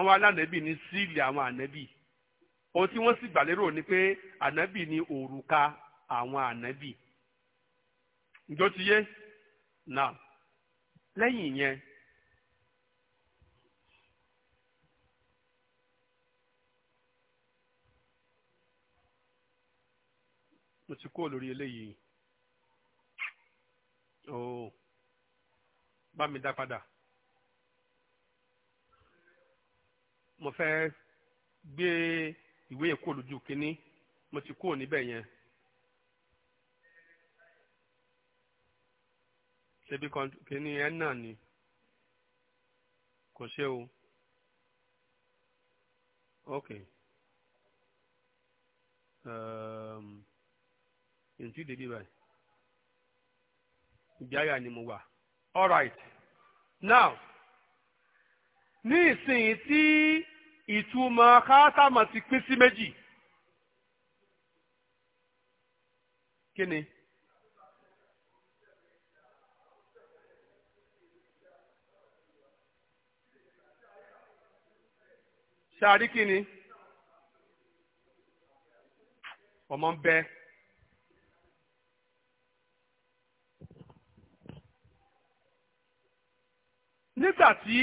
wọ́n wá lánàbì ní síìlì àwọn ànábì ohun tí wọ́n sì gbàlérò ni pé ànábì ni òrùka àwọn ànábì ǹjọ́ ti yé mo ti kó lórí eléyìí ó mi dá padà. mo fẹ́ gbé ìwé èkó lójú kínní mo ti kúrò níbẹ̀ yẹn. ṣebí kínní ẹ̀ náà ni kò ṣe o. Okay. Um, ehm, ntí dèbí báyìí ìgbáyà ni mo wà. All right. Now ní ìsìn tí ìtumọ̀ káátàmà ti pín sí méjì kí ni. ṣáàrí kí ni ọmọ ń bẹ nígbà tí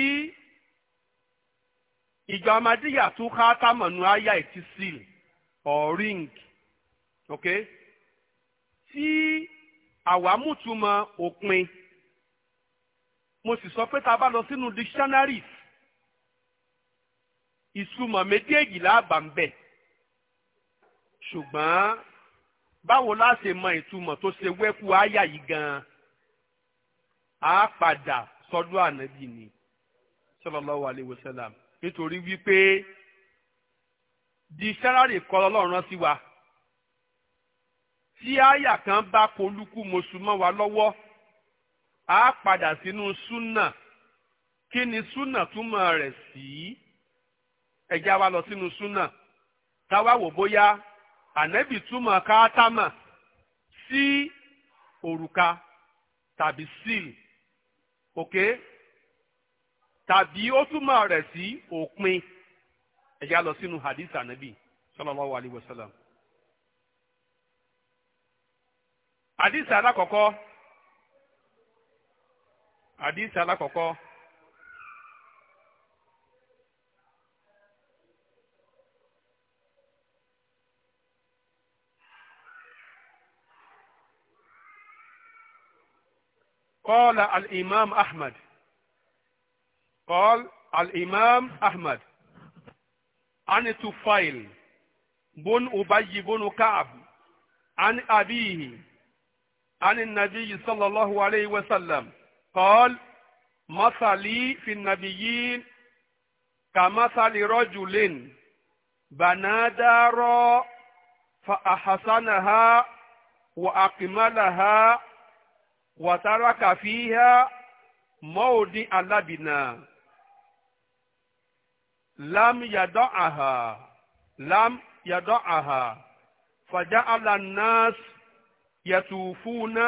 ìjọ amadíyà tú káátámọ̀nù àyà ìtì seal or ring ok tí àwámútumọ̀ òpin mo sì sọ pé tá a bá lọ sínú dictionaries ìsúmọ̀ méjèèjì láàbà ń bẹ̀ ṣùgbọ́n báwo la ṣe mọ ìtumọ̀ tó ṣe wẹ́kú àyà yìí gan-an padà sọ́dọ̀ ànábì ni sallallahu alaihi wasallam nítorí wípé dictionary kọ́ lọ́lọ́run sí wa tí àyà kan bá polúkú mọ̀sùmọ́ wa lọ́wọ́ a padà sínú súnà kí ni súnà túmọ̀ rẹ̀ sí ẹ̀já wa lọ sínú súnà táwa wò bóyá ànẹ́bì túmọ̀ káátámà sí òrùka tàbí síl òkè. Okay? tàbí ó túmọ̀ rẹ̀ sí òpin ẹ̀yà lọ sínú hadith anabi sallallahu alayhi wa sallam. hadith alakọ̀kọ́ hadith alakọ̀kọ́. قال الإمام أحمد قال الإمام أحمد عن طفيل بن أبي بن كعب عن أبيه عن النبي صلى الله عليه وسلم قال مثلي في النبيين كمثل رجل بنى دارا فأحسنها وأكملها وترك فيها موضع لبنا lam yàdọ́ àhà lam yàdọ́ àhà fàjà alanas yàtúfúnà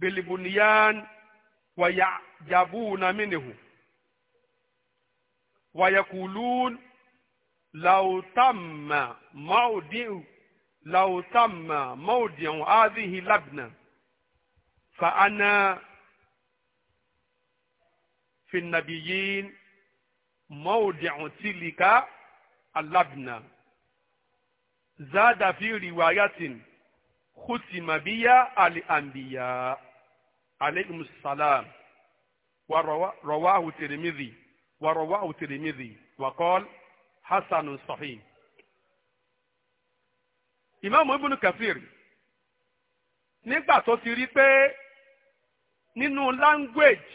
bilibuniyan wàyà jàbúnà mínihù wàyàkùlùún làwùtàmà máòdìhù làwùtàmà máòdìhù ádìhì labna fa ana fi موضع تلك اللبنة زاد في رواية ختم بها الأنبياء عليهم السلام ورواه الترمذي ورواه الترمذي وقال حسن صحيح Imam Ibn Kathir nígbà tó ti rí pé nínú language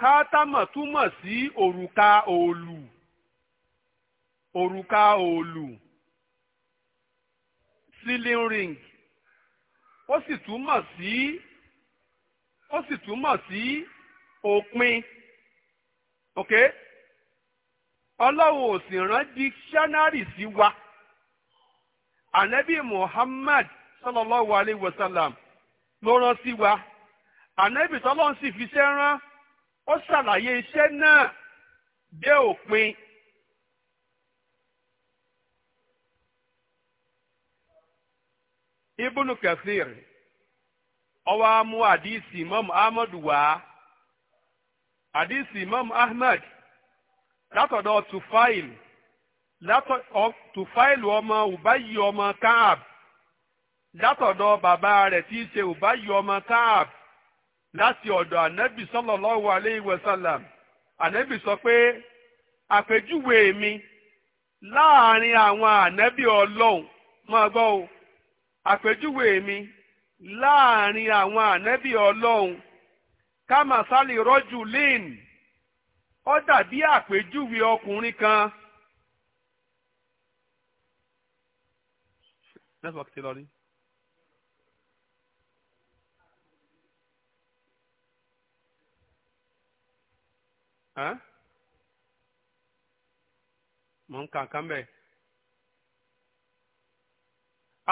kátámọ̀ túmọ̀ sí òrùka òòlù òrùka òòlù ceiling ring ó sì túmọ̀ sí ó sì túmọ̀ sí òpin ok ọlọ́run ò sì rán dictionary sí wa anabi Muhammad sallallahu alayhi wa sallam ló rán sí wa anabi tọ́lọ́run sì fi ṣẹ́ rán. ó ṣàlàyé iṣẹ́ náà dé òpin. ibùnú kẹfìr ọwọ́ amú àdìsí imam ahmed wá àdìsí imam ahmed látọ̀dọ̀ tufail látọ̀ tufail ọmọ ubayi ọmọ kaab látọ̀dọ̀ bàbá rẹ̀ tí í ṣe ubayi ọmọ kaab. láti ọ̀dọ̀ ànábì sallallahu alayhi wa sallam ànábì sọ pé àpèjúwe mi láàrin àwọn ànábì ọlọ́run máa gbọ́ o àpèjúwe mi láàrin àwọn ànábì ọlọ́run kámasálì rajulin ó dàbí àpèjúwe ọkùnrin kan. Network ti lọ rí. mo ń kà kán bẹ́ẹ̀.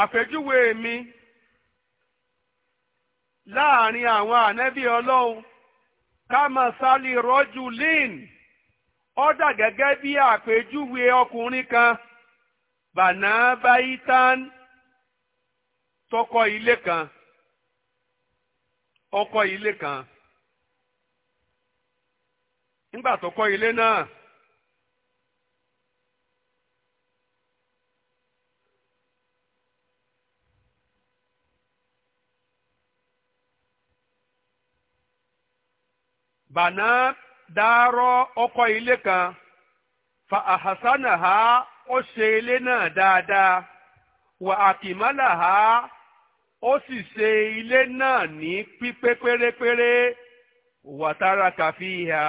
àpèjúwe mi láàrin àwọn ànẹ́bí ọlọ́run kámasálì rọ́jú lin ó dà gẹ́gẹ́ bí àpèjúwe ọkùnrin kan bàná báyítán tọkọ ilé kan ọkọ ilé kan. nígbà tó kọ́ ilé náà bàná dárọ́ ọkọ̀ ilé kan fa àhásánà ha ó ṣe ilé náà dáadáa wà àkìmálà ha ó sì ṣe ilé náà ní pípé pérépéré wà tára kàfíhà.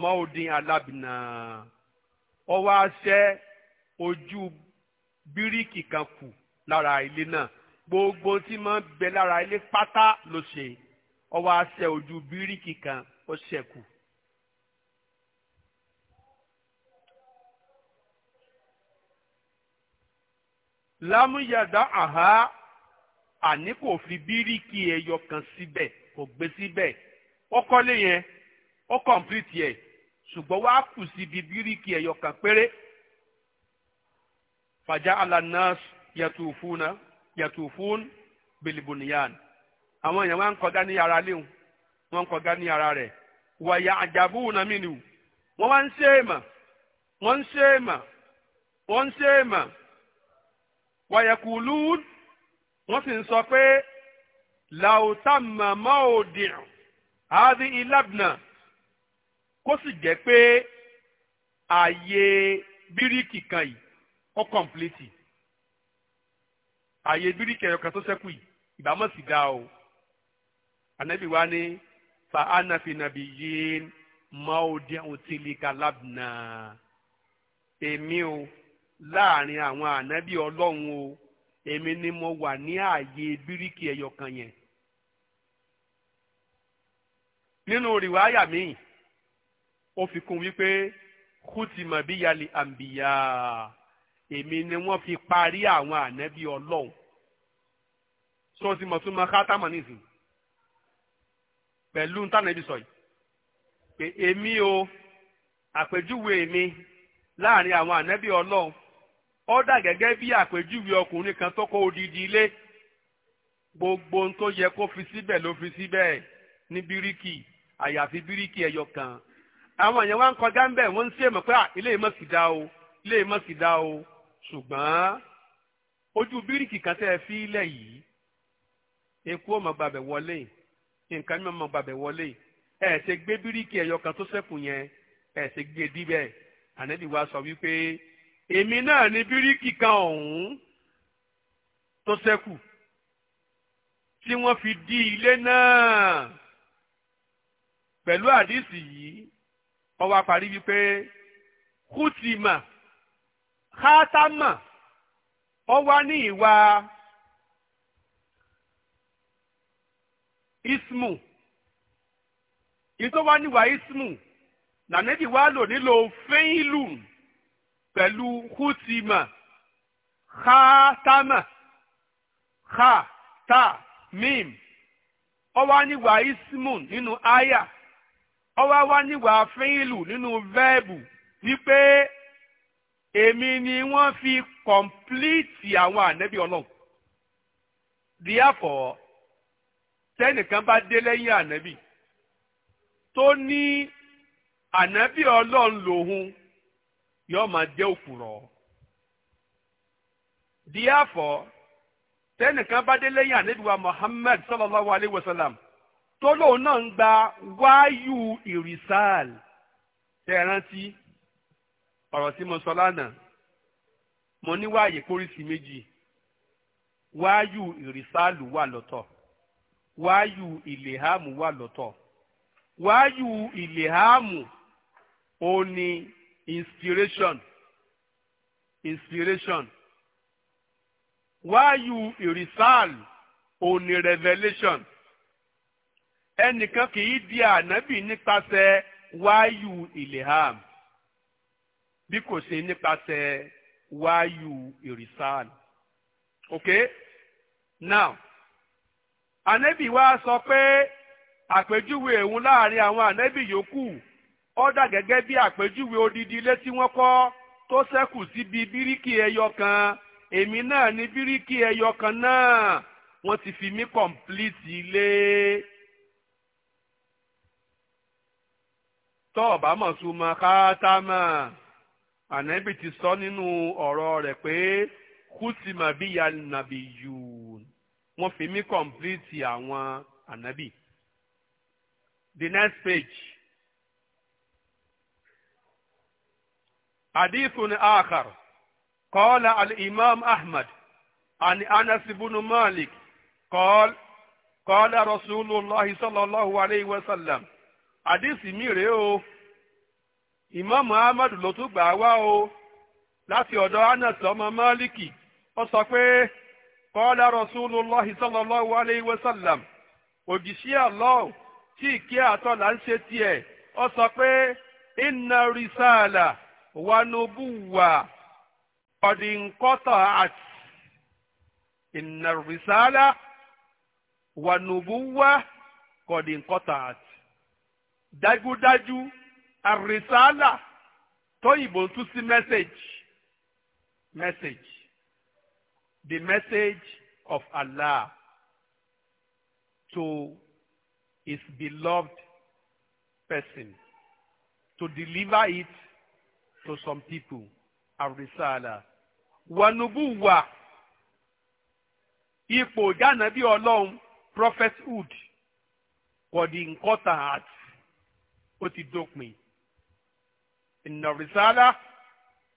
mọ́ọ̀dín alábìnà ó wá ṣẹ́ ojú bíríkì kan kù lára ilé náà gbogbo tí máa ń bẹ lára ilé pátá ló ṣe ó wá ṣẹ́ ojú bíríkì kan ó ṣẹ́kù. lámúyàdá àhá àní kò fi bíríkì ẹyọ kan síbẹ̀ kò gbé síbẹ̀ yẹn ó kọ̀m̀plìtì ẹ̀ ṣùgbọ́n wàá kù síbi bíríkì ẹ̀yọ kan péré. fàjà alanas yẹtùfúnà yẹtùfún bilibuniyan àwọn èèyàn wá ń kọjá ní ara léwu wọ́n ń kọjá ní ara rẹ̀ wàyà àjàbù nàmínú wọ́n wá ń ṣe é mà wọ́n ń ṣe é mà wọ́n ń ṣe é mà wàyà kùlù sì ń sọ pé kó sì jẹ́ pé ààyè bíríkì kan yìí ó kọ̀m̀pìlìtì ààyè bíríkì ẹ̀yọ̀kan tó ṣẹ́kù yìí ìbámọ̀ sì dá o ànábì wa ni fa anafinabi yìí maodi otilika labna èmi o láàrin àwọn ànábì ọlọ́run o èmi ni mo wà ní ààyè bíríkì ẹ̀yọ̀kan yẹn nínú rìwáyà míì ó fi kún wípé kùtìmọ̀ bí yàlẹ̀ àǹbìyà èmi ni wọ́n fi parí àwọn ànábì ọlọ́run tó ti mọ̀ tún mọ kátámọ̀ nìsín pẹ̀lú ntànàbí sọ yìí pé èmi o àpèjúwe mi láàrin àwọn ànábì ọlọ́run ó dà gẹ́gẹ́ bí àpèjúwe ọkùnrin kan tó kó odidi ilé gbogbo ohun yẹ kó fi síbẹ̀ ló fi síbẹ̀ ní bíríkì àyàfi bíríkì ẹyọ kan àwọn èèyàn wá ń kọjá ń bẹ̀ wọ́n ń ṣe mọ̀ pé ilé ìmọ̀ sì dá o ilé ìmọ̀ sì dá o ṣùgbọ́n ojú bíríkì kan tẹ́ ẹ fi ilẹ̀ yìí eku ọmọ gbàbẹ̀ wọlé nǹkan mímọ́ ọmọ gbàbẹ̀ wọlé ẹ̀ ṣe gbé bíríkì ẹ̀yọ kan tó ṣẹ́kù yẹn ẹ̀ ṣe gbé díbẹ̀ ànẹ́bí wa sọ wípé èmi náà ni bíríkì kan ọ̀hún tó ṣẹ́kù tí wọ́n fi dí ilé náà pẹ̀lú àdìsí yìí ó wá parí wípé kùtìmà kátámà ó wá ní ìwà ismu ìtọ́ wá níwà ismu nànẹ́bí wá lò nílò fẹ́ìlù pẹ̀lú kùtìmà kátámà ká ó wá níwà ismu nínú àyà ọwọ́ wá níwà fíìlù nínú vẹ́ẹ̀bù wípé èmi ni wọ́n fi kọ̀m̀plíìtì àwọn ànẹ́bí ọlọ́run. díàfọ̀ tẹ́nìkan bá dé lẹ́yìn ànẹ́bí tó ní ànẹ́bí ọlọ́run lòun yóò máa jẹ́ òkùrọ̀. díàfọ̀ tẹ́nìkan bá dé lẹ́yìn ànẹ́bí wa Muhammad sallallahu alayhi wa sallam tó lóun náà ń gba wáyù ìrìsáàl tẹ̀ rántí ọ̀rọ̀ tí mo sọ lánàá mo ní wáyé póríṣì méjì wáyù ìrìsáàlù wà lọ́tọ̀ wáyù ìlèhámù wà lọ́tọ̀ wáyù ìlèhámù ó ní inspiration inspiration wáyù ìrìsáàlù ó ní revelation ẹnìkan kì í di ànábì nípasẹ̀ wáyù ìlẹ̀hàm bí kò ṣe nípasẹ̀ wáyù ìrìsàn. ok now ànábì wa sọ pé àpèjúwe òun láàrin àwọn ànábì yòókù ó dà gẹ́gẹ́ bí àpèjúwe odidi ilé tí wọ́n kọ́ tó ṣẹ́kù síbi bíríkì ẹyọ kan èmi náà ní bíríkì ẹyọ kan náà wọ́n ti fi mí kọ̀m̀plìtì ilé. tọ́ ọ̀bá mọ̀ súnmọ́ káátámà ànábì ti sọ nínú ọ̀rọ̀ rẹ̀ pé kùsìmọ̀ bí ya nàbì yù wọ́n fi mí kọ̀m̀plìtì àwọn ànábì. the next page. حديث آخر قال الإمام أحمد عن أنس بن مالك قال قال رسول الله صلى الله عليه وسلم adịsị mi o Imam muhammadu ló tún gbà wá o láti ọ̀dọ̀ Anas ọmọ maliki ó sọ pé kọ́lá Rasulullah sallallahu alayhi wa sallam òjìṣẹ́ Allah tí ìké àtọ́ là ń ṣe tiẹ̀ ó sọ pé inna wa nubuwa àti dájúdájú àrísàálà tóyìnbó ń tú sí message message the message of Allah to his beloved person to deliver it to some people àrísàálà wànúbùwà ipò jánàbí ọlọ́run prophethood the important àti ó ti dópin inna risala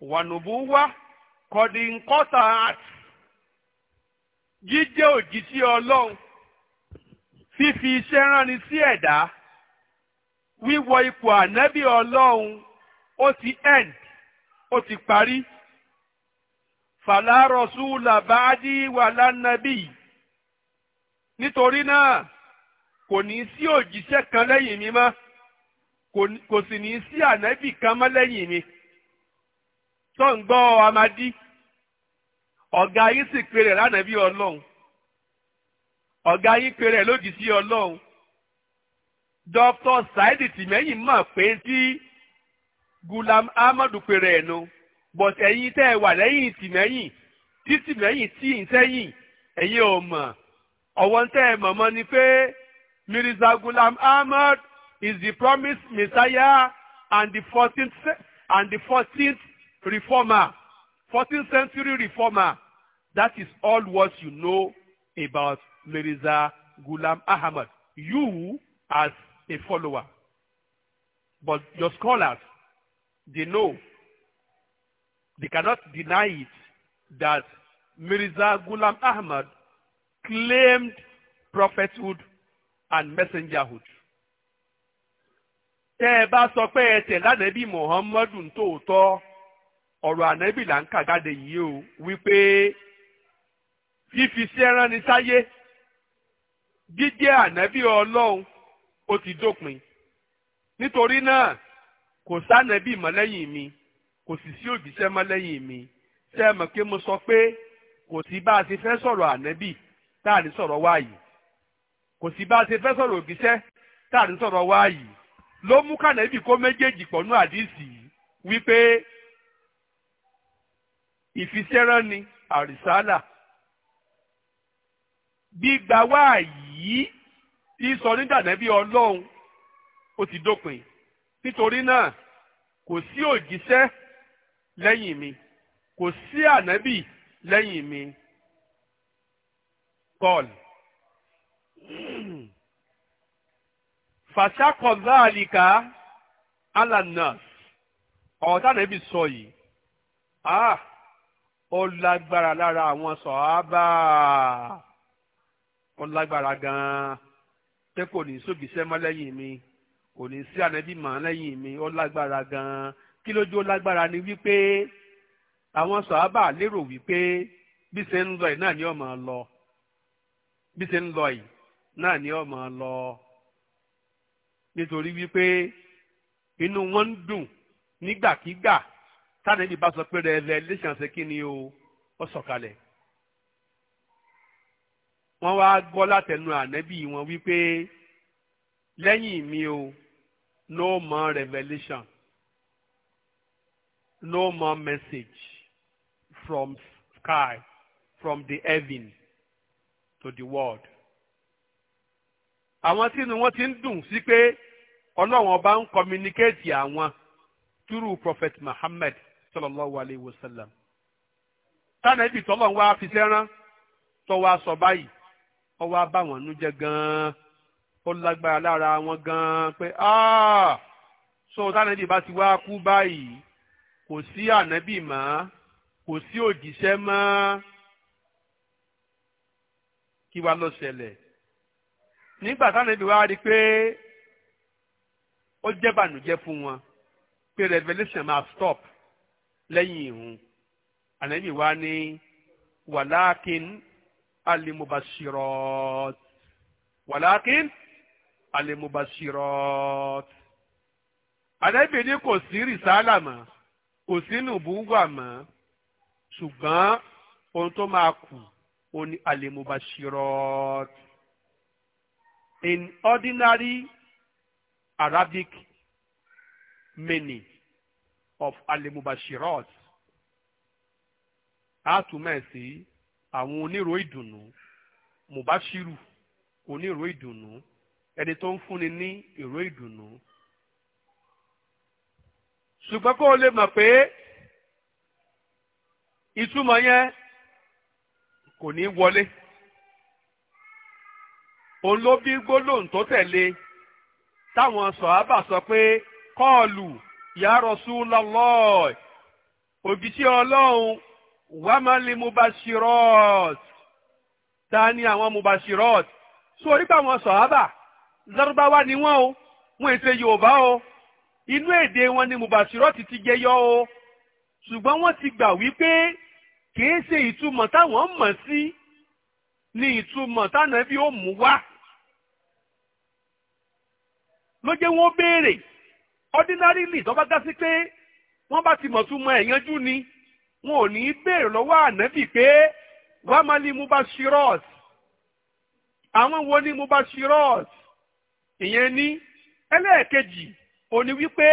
wa nubuwa kọ́dí nkọ́ta art jíjẹ́ òjíṣẹ́ ọlọ́run fífi iṣẹ́ ránni sí ẹ̀dá wíwọ ipò ànábì ọlọ́run ó ti end ó ti parí fala rasula ba'di wala nabi nítorí náà kò ní sí òjíṣẹ́ kan lẹ́yìn mi mọ́ kò sì ní sí ànábì kan mọ́ lẹ́yìn mi tó ń gbọ́ amadi ọ̀gá yín sì pe rẹ̀ lánàbí ọlọ́run ọ̀gá yín pe rẹ̀ lòdì sí ọlọ́run dr saidi tìmẹ́yìn mọ̀ pé tí gulam ahmadu pe rẹ̀ nu but ẹ̀yin tẹ́ ẹ wà lẹ́yìn tìmẹ́yìn tí tìmẹ́yìn tí ń sẹ́yìn ẹ̀yin ò mọ̀ ọ̀wọ́n tẹ́ ẹ mọ̀ mọ́ ni pé mirza gulam ahmad is the promised Messiah and the 14th and the 14th reformer, 14th century reformer. That is all what you know about Mirza Gulam Ahmad. You as a follower. But your scholars, they know, they cannot deny it that Mirza Gulam Ahmad claimed prophethood and messengerhood. tẹ́ ẹ bá sọ pé ẹ tẹ̀ lánàbí muhammadu tòótọ́ ọ̀rọ̀ ànábì là ń kà jáde yìí o wípé fífi sí ẹran ni sáyé jíjẹ́ ànábì ọlọ́run ó ti dópin nítorí náà kò sánàbì mọ́ mi kò sì sí òjíṣẹ́ mọ́ mi ṣé ẹ mọ̀ pé mo sọ pé kò sí bá a ṣe fẹ́ sọ̀rọ̀ ànábì tá à ní sọ̀rọ̀ wáyìí kò sí bá a ṣe fẹ́ sọ̀rọ̀ ní sọ̀rọ̀ wáyìí. ló mú kànáìbì kó méjèèjì pọ̀nú àdìsí wípé ìfisẹ́rán ni àrísálà gbígbà wá yìí sísọ nídànẹ́bí ọlọ́run ó ti dópin nítorí náà kò sí òjíṣẹ́ lẹ́yìn mi kò sí ànábì lẹ́yìn mi paul fàṣàkọ̀ záàlìkà alànà ọ̀tá nàbì sọ yìí ah ó lágbára lára àwọn sọ̀hábà ó lágbára gan-an pé kò ní sóbìṣẹ́ mọ́ lẹ́yìn mi kò ní sí ànábì mọ́ lẹ́yìn mi ó lágbára gan-an kí lójú ó lágbára ni wípé àwọn sọ̀hábà lérò wípé bí ṣe ń lọ yìí náà ni ó lọ bí ṣe ń lọ yìí náà ni ó lọ nítorí wípé inú wọn ń dùn nígbàkigbà tánàbí bá sọ pé rẹ lẹ léṣàǹṣe kí ni o ó sọ̀kalẹ̀ wọ́n wá gbọ́ látẹnu ànẹ́bí wọn wípé lẹ́yìn mi o no more revelation no more message from sky from the heaven to the world. àwọn tí inú wọn ti ń dùn sí pé ọlọ́run ọba ń kọmíníkéètì àwọn túrú prophet muhammed sallallahu alayhi wa sallam tánàbì tọ́lọ̀ ń wá fi sẹ́rán tó wá sọ báyìí ó wá bá wọn nú gan-an ó lágbára lára wọn gan-an pé ah! so tánàbì bá ti wá kú báyìí kò sí ànábì mọ́ kò sí òjíṣẹ́ mọ́ kí wá ló ṣẹlẹ̀ nígbà tánàbì wá rí i pé ó jẹ́ bànújẹ́ fún wọn pé revelation máa stop lẹ́yìn ìhun ànábì wa ní wàlákin alimubashirot wàlákin alimubashirot ànábì ní kò sí rìsálà mọ́ kò sí nùbúwà mọ́ ṣùgbọ́n ohun tó máa kù ó ní alimubashirot in ordinary Arabic meaning of alimubashirat a túmọ̀ ẹ̀ sí àwọn onírò ìdùnnú mubashiru onírò ìdùnnú ẹni tó ń fúnni ní ìró ìdùnnú. ṣùgbọ́n kó o lè mọ̀ pé ìtumọ̀ yẹn kò ní wọlé òun ló bí gbólóhùn tó tẹ̀lé táwọn sọ̀hábà sọ pé kọ́ọ̀lù ya Rasulullah òbítí ọlọ́run wàmálì mubashirot ta ni àwọn mubashirot so orí pa àwọn sọ̀hábà Lárúbáwá ni wọ́n o wọ́n èsè Yorùbá o inú èdè wọn ni mubashirot ti jẹyọ o ṣùgbọ́n wọ́n ti gbà wípé kìí ṣe ìtumọ̀ táwọn mọ̀ sí ni ìtumọ̀ tánàbí ó mú wá ló jẹ́ wọ́n béèrè ordinarily tó bá dá sí pé wọ́n bá ti mọ̀túmọ̀ ẹ̀ yanjú ni wọn ò ní í béèrè lọ́wọ́ ànábì pé wàá máa ní mubashirot àwọn wo ni mubashirot ìyẹn ní ẹlẹ́ẹ̀kejì òní wípé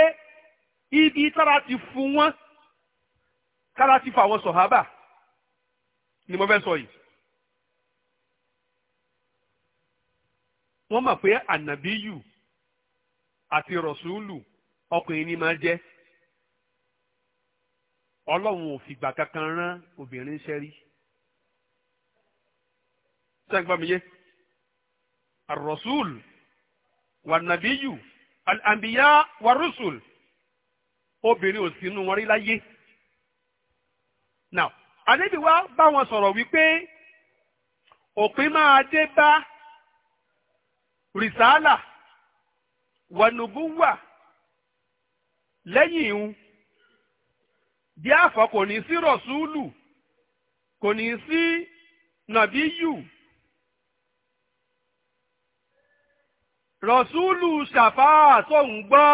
ibi tára ti fún wọn tára ti fà wọn sọ̀hábà ni mo fẹ́ sọ yìí. wọ́n mọ̀ pé ànàbí yù àti rọ̀súlù ọkùnrin ni máa jẹ́ ọlọ́run ò fìgbà kankan rán obìnrin iṣẹ́ rí sẹ́gbàmíyé arọ̀súl wànàbíyù àmbíyá wàrúsùl obìnrin ò sínú wọn rí láyé. now ànábì wa bá wọn sọ̀rọ̀ wípé òpin máa dé bá rìsáàlà wọnùbú wà lẹ́yìn ìhun bí àfọ kò ní sí rọ̀súùlù kò ní sí nàbíyù rọ̀súùlù ṣàfáà tó ń gbọ́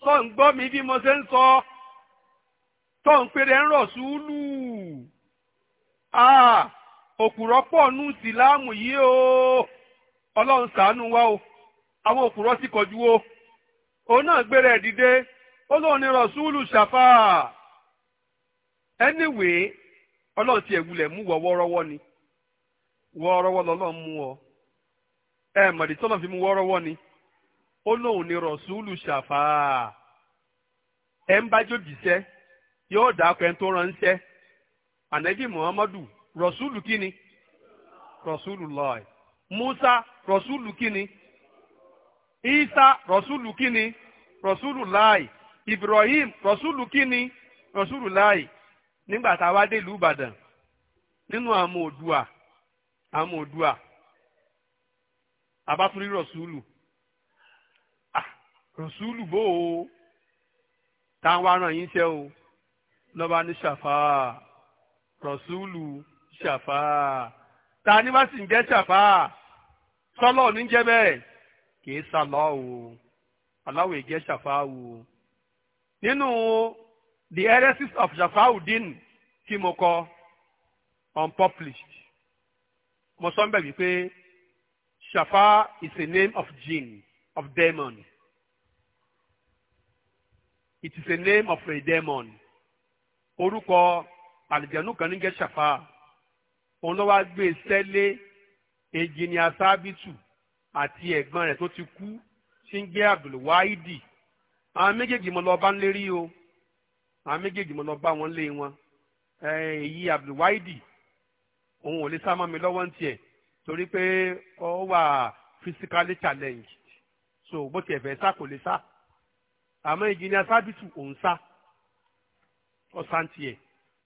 tó ń gbọ́ mi bí mo ṣe ń sọ tó ń ń rọ̀súùlù òkùrọ̀ pọ̀ nù síláàmù yìí o ọlọ́run ṣàánú wa o. àwọn òkúrọ́ sì kọjú o náà gbéra ẹ̀ dìde ni lóun ṣàfà anyway ọlọ́run ti ẹ̀wulẹ̀ mú wọ wọ́ọ́rọ́wọ́ ni wọ́ọ́rọ́wọ́ lọ́lọ́run mú ọ ẹ mọ̀dí tọ́lọ́ fi mú wọ́ọ́rọ́wọ́ ni ó lóun ní ṣàfà ẹ ń bá jòjìṣẹ́ yóò dákọ̀ ẹni tó ránṣẹ́ ànábì muhammadu rọ̀ṣúlù kíni rọ̀ṣúlù musa rọ̀ṣúlù kíni isa rọ̀súlù kíni rọ̀súlù láì ibrahim rọ̀súlù kíni rọ̀súlù láì nígbà tá a wá dé ìlú ìbàdàn nínú àwọn òdùà àwọn òdùà abátúrí rọ̀súlù ah, o bò ó táwọn aràn yín ṣe o lọ́ba ní ṣàfà rọ̀súlù ṣàfà ta ni wá sì ń jẹ́ ṣàfà sọ́lọ́ọ̀ ní jẹ́ bẹ́ẹ̀ kìí sàlọ́ o aláwọ̀ èjẹ́ ṣàfáwù o nínú the heresies of Shafauddin tí mo kọ unpublished mo sọ ń bẹ̀ wípé Shafa is a name of jinn of demon it is a name of a demon orúkọ àlìjẹ̀nù kan ní jẹ́ Shafa òun ló wá gbé e sẹ́lé èjìní asábìtù àti ẹ̀gbọ́n rẹ̀ tó ti kú tí ń gbé abdulwaidi àwọn méjèèjì mo lọ bá ń lérí o àwọn méjèèjì mo lọ bá wọn lé wọn èyí abdulwaidi òun ò lè sá mọ́ mi lọ́wọ́ ń tiẹ̀ torí pé ó wà physically challenged so bó tiẹ̀ fẹ́ sá kò lè sá àmọ́ ìjìnlẹ̀ sábìtù òun sá ọ̀sán tiẹ̀